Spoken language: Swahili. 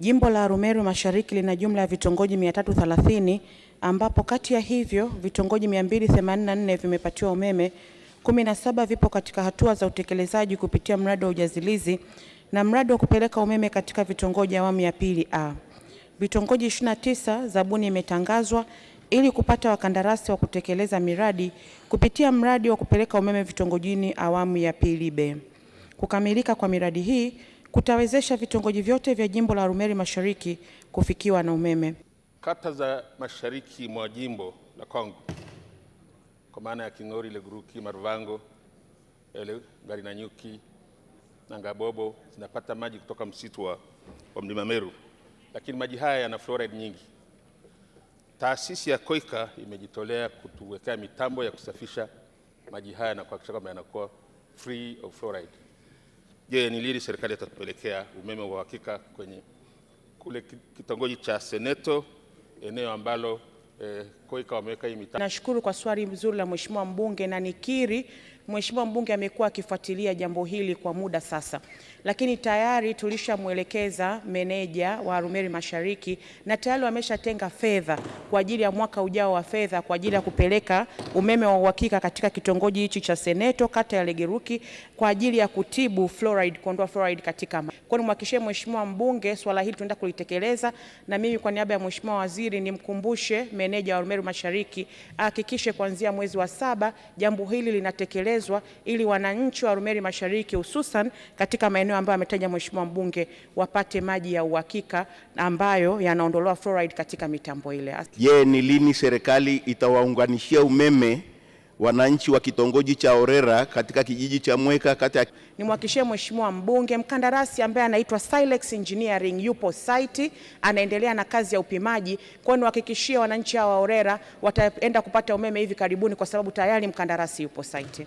Jimbo la Arumeru Mashariki lina jumla ya vitongoji 330 ambapo kati ya hivyo vitongoji 284 vimepatiwa umeme, 17 vipo katika hatua za utekelezaji kupitia mradi wa ujazilizi na mradi wa kupeleka umeme katika vitongoji awamu ya pili A. Vitongoji 29 zabuni imetangazwa ili kupata wakandarasi wa kutekeleza miradi kupitia mradi wa kupeleka umeme vitongojini awamu ya pili B. Kukamilika kwa miradi hii kutawezesha vitongoji vyote vya jimbo la Arumeru Mashariki kufikiwa na umeme. Kata za mashariki mwa jimbo la Kongo kwa maana ya Kingori, Leguruki, Maruvango, Ngarinanyuki na Ngabobo zinapata maji kutoka msitu wa, wa Mlima Meru, lakini maji haya yana fluoride nyingi. Taasisi ya Koika imejitolea kutuwekea mitambo ya kusafisha maji haya na kuhakikisha kwamba yanakuwa free of fluoride. Je, ni lini serikali itatupelekea umeme wa uhakika kwenye kule kitongoji cha Seneto, eneo ambalo eh, kwa wameweka hii mitaa. Nashukuru kwa swali mzuri la mheshimiwa mbunge, na nikiri mheshimiwa mbunge amekuwa akifuatilia jambo hili kwa muda sasa, lakini tayari tulishamwelekeza meneja wa Arumeru Mashariki na tayari wameshatenga fedha kwa ajili ya mwaka ujao wa fedha kwa ajili ya kupeleka umeme wa uhakika katika kitongoji hichi cha Seneto, kata ya Legeruki kwa ajili ya kutibu fluoride, kuondoa fluoride katika maji. Kwa hiyo nimhakikishie mheshimiwa mbunge swala hili tunaenda kulitekeleza, na mimi kwa niaba ya mheshimiwa waziri nimkumbushe meneja wa Arumeru Meru Mashariki ahakikishe kuanzia mwezi wa saba jambo hili linatekelezwa ili wananchi wa Arumeru Mashariki hususan katika maeneo ambayo ametaja mheshimiwa mbunge wapate maji ya uhakika ambayo yanaondolewa fluoride katika mitambo ile. Je, ni lini serikali itawaunganishia umeme wananchi wa kitongoji cha Orera katika kijiji cha Mweka ya... Nimwakishie mheshimiwa mbunge, mkandarasi ambaye anaitwa Silex Engineering yupo site, anaendelea na kazi ya upimaji, kwa niwahakikishie wananchi hawa wa Orera wataenda kupata umeme hivi karibuni, kwa sababu tayari mkandarasi yupo site.